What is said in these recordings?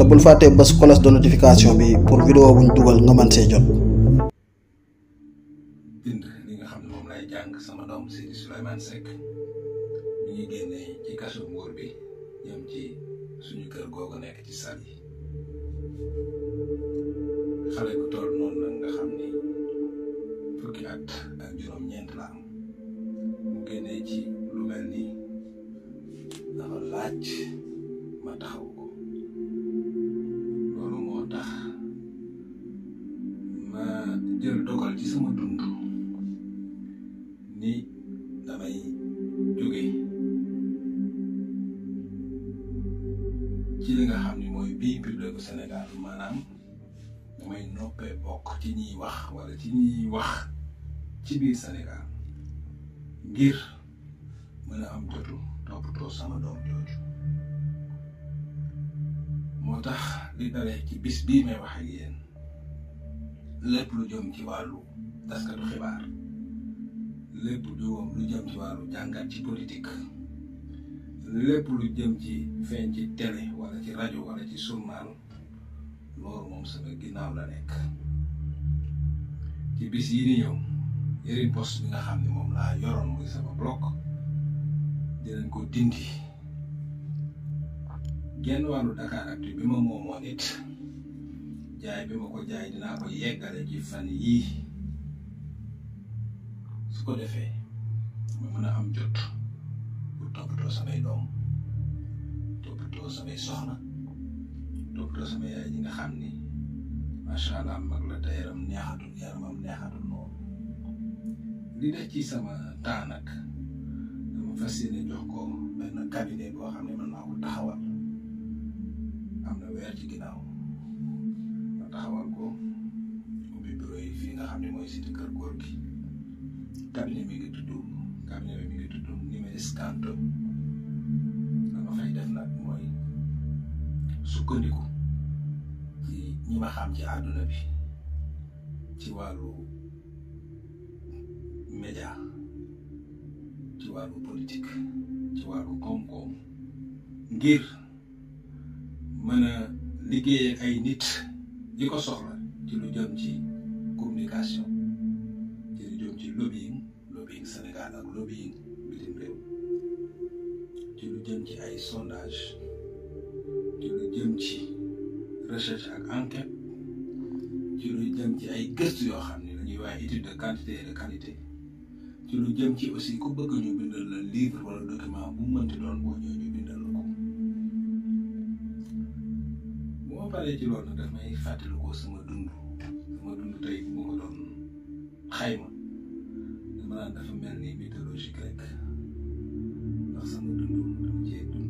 te bul fàtte bés cloche de notification bi pour vidéo buñ dugal nga man sé jot bind li nga xam mom lay jang sama dom Sidi Souleymane sek mi ngi génné ci kasso ngor bi ñoom ci suñu kër gogo nek ci sal xalé ko tor non la nga xam ni fukki at ak juroom ñent la am mu génnee ci lu melni dafa laaj ma taxaw sama dund ni damay jóge ci li nga xam ni mooy bii biir dëkk Sénégal maanaam damay noppee bokk ci ñiy wax walla ci ñiy wax ci biir Sénégal ngir mën a am jotu toppatoo sama doom jooju moo tax li dalee ci bis bii may wax ak lépp lu jëm ci wàllu taskatu xibaar lépp jëm lu jëm ci wàllu jàngat ci politique lépp lu jëm ci feeñ ci télé wala ci rajo wala ci journal loolu moom sama ginnaaw la nekk ci bis yi ni nga xam ne moom laa yoroon muy sama bloc dinañ ko dindi genn wàllu Dakaractu bi ma moomoon it jaay bi ma ko jaay dinaa ko yeggale ci fan yi su ko defee ma mën a am jot pour toppatoo samay doom toppatoo samay soxna toppatoo samay yaay ji nga xam ni macha allah mag la te yaram neexatul yaramam neexatul loolu li def ci sama temps nag dama fas yéene jox ko benn cabinet boo xam ne mën naa taxawal am na weer ci ginnaaw. taxawal ko ubbi bureau fii nga xam ne mooy cité kër góor gi cabinet mi ngi tudd cabinet mi ngi tudd Numéris 30 dama fay def nag mooy sukkandiku ci ñi ma xam ci àdduna bi ci wàllu média ci wàllu politique ci wàllu koom-koom ngir mën a liggéeye ay nit ñi ko soxla ci lu jëm ci communication ci lu jëm ci lobbying lobbying Sénégal ak lobbying bitim réew ci lu jëm ci ay sondage ci lu jëm ci recherche ak enquête ci lu jëm ci ay gëstu yoo xam ne dañuy waaye étude de quantité et de qualité ci lu jëm ci aussi ku bëgg ñu bindal la livre wala document bu mënti doon boo ñooñu paree ci loolu nag daf may sama dund sama dund tey bu ma ko dafa mel ni mythologie grecque ndax sama dund dama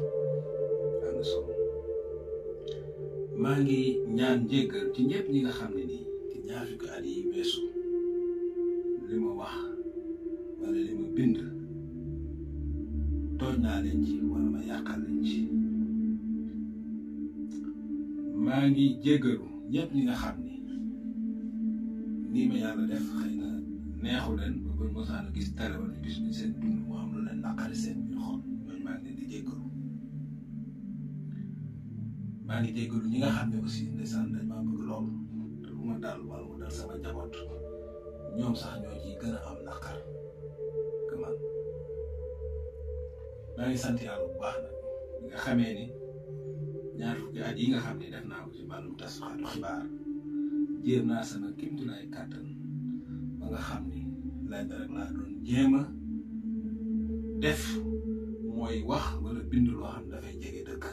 maa ngi ñaan njéggal ci ñëpp ñi nga xam ne ni ci ñaar fukki at yi weesu wax wala li ma bind tooñ naa leen ci wala ma yàqal leen maa ngi jéggalu ñëpp nga xam ni nii ma yàlla def xëy neexu leen ba ba mosaan gis tere wala gis ni seen dund mu maa ngi jégalu ñi nga xam ne aussi ndeysaan dañ maa bëgg lool te bu ma daal wàllu mu daal sama njaboot ñoom sax ñoo ciy gën a am naqar que man maa ngi sant yàlla bu baax nag nga xamee ni ñaar fukki at yi nga xam ne def naa ko ci wàllum tas xatu xibaar jéem naa sama kéemtulaay kàttan ba nga xam ni lay rek laa doon jéem a def mooy wax wala bind loo xam dafay jege dëkk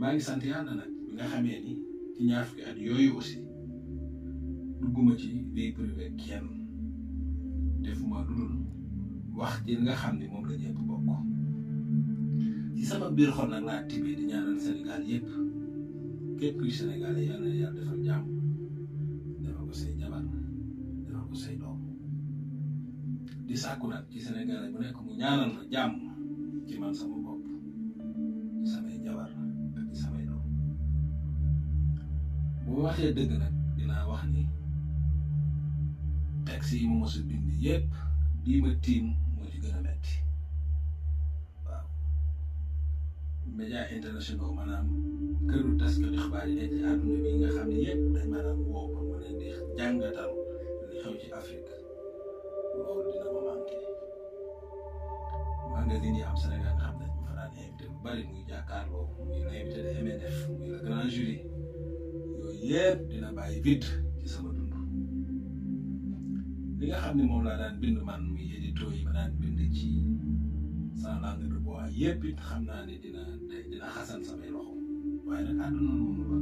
maa ngi sant yàlla nag bi nga xamee ni ci ñaar fukki at yooyu aussi dugguma ci vie privé kenn defuma dudul wax ji nga xam ne moom la ñëpp bokk ci sama biir xol nag laa tibbee di ñaanal Sénégal yépp képp kuy Sénégal yàlla na yàlla defal jàmm defal ko say jabar defal ko say doom di sàkku nag ci Sénégal bu nekk mu ñaanal ci man sama bopp samay bu waxee dëgg nag dinaa wax ni texte yi mu mos a bind yépp bii ma tiim moo ci gën a metti waaw média internationaux maanaam këru taskati xibaar yi nga xam ne yépp dañ maanaam woo pour ma leen di jàngatal li xew ci Afrique loolu dina ma manqué magazine yi am Sénégal nga xam ne dañ ma fa daan invité bu bari muy jàkkaarloo muy la invité de MNF muy grand jury yépp dina bàyyi vide ci sama dund li nga xam ne moom la daan bind man muy édito yi ma daan bind ci sans langue de bois yépp it xam naa ne dina dina xasan samay loxo waaye nag àdduna noonu loo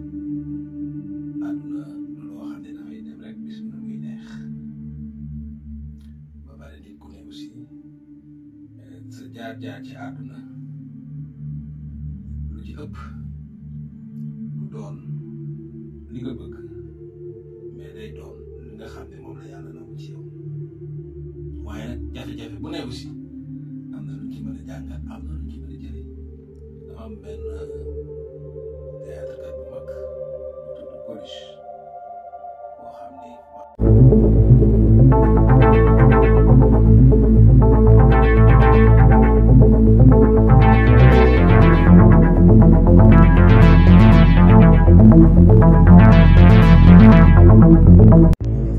xam ne dafay dem rek bis mu muy ba pare nit ku ne eh, sa jaar-jaar ci àdduna lu ci ëpp doon li nga bëgg mais day doon nga xam ne moom la yàlla nangu ci waaye nag jafe-jafe bu ne aussi am na lu ci mën a am na lu ci mën a jëlee dama am benn euh, théâtre kat bu mag tudd Coluche